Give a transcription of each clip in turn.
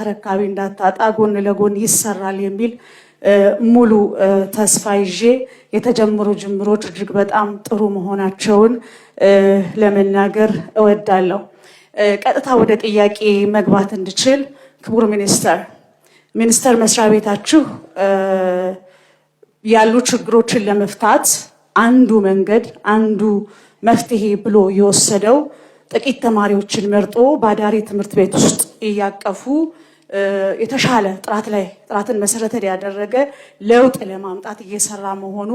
ተረካቢ እንዳታጣ ጎን ለጎን ይሰራል የሚል ሙሉ ተስፋ ይዤ የተጀመሩ ጅምሮች እጅግ በጣም ጥሩ መሆናቸውን ለመናገር እወዳለሁ። ቀጥታ ወደ ጥያቄ መግባት እንድችል ክቡር ሚኒስተር ሚኒስተር መስሪያ ቤታችሁ ያሉ ችግሮችን ለመፍታት አንዱ መንገድ አንዱ መፍትሄ ብሎ የወሰደው ጥቂት ተማሪዎችን መርጦ በአዳሪ ትምህርት ቤት ውስጥ እያቀፉ የተሻለ ጥራት ላይ ጥራትን መሰረት ያደረገ ለውጥ ለማምጣት እየሰራ መሆኑ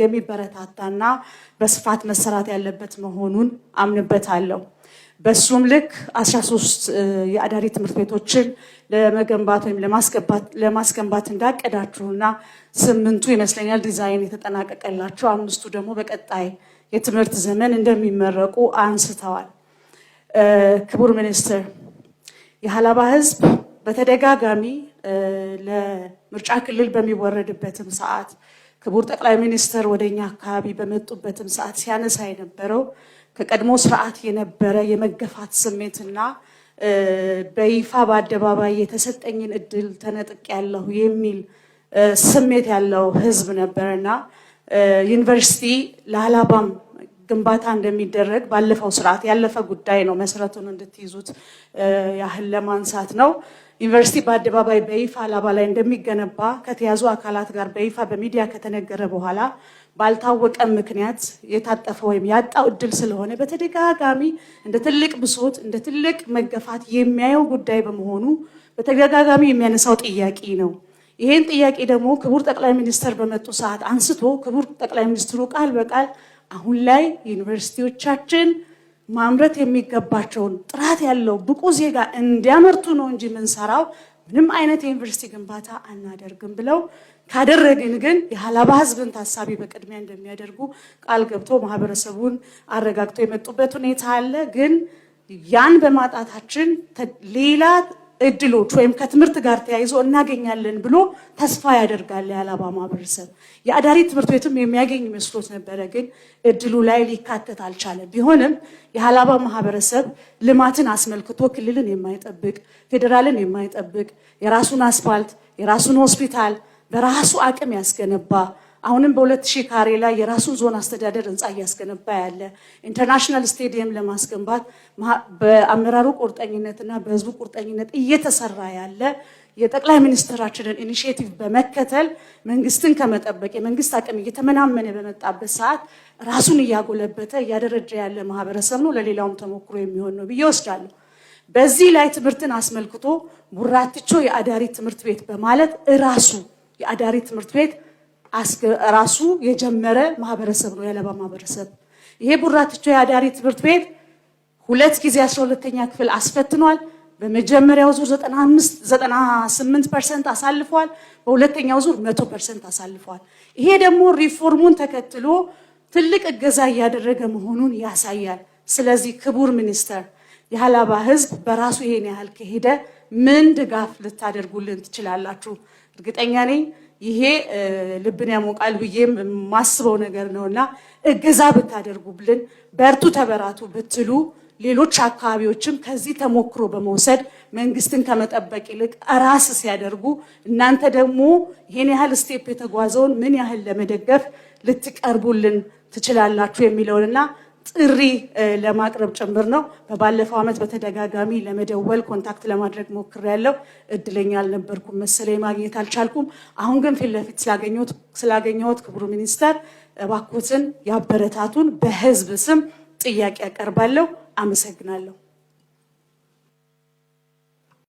የሚበረታታና በስፋት መሰራት ያለበት መሆኑን አምንበታለሁ። በሱም ልክ 13 የአዳሪ ትምህርት ቤቶችን ለመገንባት ወይም ለማስገንባት እንዳቀዳችሁና ስምንቱ ይመስለኛል ዲዛይን የተጠናቀቀላቸው አምስቱ ደግሞ በቀጣይ የትምህርት ዘመን እንደሚመረቁ አንስተዋል። ክቡር ሚኒስትር የሀላባ ሕዝብ በተደጋጋሚ ለምርጫ ክልል በሚወረድበትም ሰዓት ክቡር ጠቅላይ ሚኒስትር ወደኛ አካባቢ በመጡበትም ሰዓት ሲያነሳ የነበረው ከቀድሞ ስርዓት የነበረ የመገፋት ስሜትና በይፋ በአደባባይ የተሰጠኝን እድል ተነጥቅ ያለሁ የሚል ስሜት ያለው ህዝብ ነበርና ዩኒቨርሲቲ ለአላባም ግንባታ እንደሚደረግ ባለፈው ስርዓት ያለፈ ጉዳይ ነው። መሰረቱን እንድትይዙት ያህል ለማንሳት ነው። ዩኒቨርሲቲ በአደባባይ በይፋ አላባ ላይ እንደሚገነባ ከተያዙ አካላት ጋር በይፋ በሚዲያ ከተነገረ በኋላ ባልታወቀ ምክንያት የታጠፈ ወይም ያጣው እድል ስለሆነ በተደጋጋሚ እንደ ትልቅ ብሶት፣ እንደ ትልቅ መገፋት የሚያየው ጉዳይ በመሆኑ በተደጋጋሚ የሚያነሳው ጥያቄ ነው። ይሄን ጥያቄ ደግሞ ክቡር ጠቅላይ ሚኒስትር በመጡ ሰዓት አንስቶ ክቡር ጠቅላይ ሚኒስትሩ ቃል በቃል አሁን ላይ ዩኒቨርሲቲዎቻችን ማምረት የሚገባቸውን ጥራት ያለው ብቁ ዜጋ እንዲያመርቱ ነው እንጂ የምንሰራው ምንም አይነት የዩኒቨርሲቲ ግንባታ አናደርግም ብለው ካደረግን ግን የሀላባ ሕዝብን ታሳቢ በቅድሚያ እንደሚያደርጉ ቃል ገብቶ ማህበረሰቡን አረጋግቶ የመጡበት ሁኔታ አለ። ግን ያን በማጣታችን ሌላ እድሎች ወይም ከትምህርት ጋር ተያይዞ እናገኛለን ብሎ ተስፋ ያደርጋል የአላባ ማህበረሰብ። የአዳሪ ትምህርት ቤትም የሚያገኝ መስሎት ነበረ፣ ግን እድሉ ላይ ሊካተት አልቻለም። ቢሆንም የአላባ ማህበረሰብ ልማትን አስመልክቶ ክልልን የማይጠብቅ ፌዴራልን የማይጠብቅ የራሱን አስፋልት የራሱን ሆስፒታል በራሱ አቅም ያስገነባ አሁንም በሁለት ሺህ ካሬ ላይ የራሱን ዞን አስተዳደር ህንፃ እያስገነባ ያለ ኢንተርናሽናል ስቴዲየም ለማስገንባት በአመራሩ ቁርጠኝነትና በህዝቡ ቁርጠኝነት እየተሰራ ያለ የጠቅላይ ሚኒስትራችንን ኢኒሽቲቭ በመከተል መንግስትን ከመጠበቅ የመንግስት አቅም እየተመናመነ በመጣበት ሰዓት ራሱን እያጎለበተ እያደረጀ ያለ ማህበረሰብ ነው። ለሌላውም ተሞክሮ የሚሆን ነው ብዬ ወስዳለሁ። በዚህ ላይ ትምህርትን አስመልክቶ ቡራትቾ የአዳሪ ትምህርት ቤት በማለት እራሱ የአዳሪ ትምህርት ቤት ራሱ የጀመረ ማህበረሰብ ነው የአለባ ማህበረሰብ። ይሄ ቡራትቾ የአዳሪ ትምህርት ቤት ሁለት ጊዜ 12 ኛ ክፍል አስፈትኗል። በመጀመሪያው ዙር 98 ፐርሰንት አሳልፏል። በሁለተኛው ዙር 100 ፐርሰንት አሳልፏል። ይሄ ደግሞ ሪፎርሙን ተከትሎ ትልቅ እገዛ እያደረገ መሆኑን ያሳያል። ስለዚህ ክቡር ሚኒስተር፣ የሀላባ ህዝብ በራሱ ይሄን ያህል ከሄደ ምን ድጋፍ ልታደርጉልን ትችላላችሁ? እርግጠኛ ነኝ ይሄ ልብን ያሞቃል ብዬ ማስበው ነገር ነው እና እገዛ ብታደርጉብልን፣ በርቱ ተበራቱ ብትሉ ሌሎች አካባቢዎችም ከዚህ ተሞክሮ በመውሰድ መንግስትን ከመጠበቅ ይልቅ ራስ ሲያደርጉ እናንተ ደግሞ ይሄን ያህል ስቴፕ የተጓዘውን ምን ያህል ለመደገፍ ልትቀርቡልን ትችላላችሁ የሚለውንና ጥሪ ለማቅረብ ጭምር ነው። በባለፈው ዓመት በተደጋጋሚ ለመደወል ኮንታክት ለማድረግ ሞክሬያለሁ። እድለኛ አልነበርኩም መሰለኝ ማግኘት አልቻልኩም። አሁን ግን ፊት ለፊት ስላገኘሁት ክቡር ሚኒስተር እባክዎትን ያበረታቱን። በህዝብ ስም ጥያቄ ያቀርባለሁ። አመሰግናለሁ።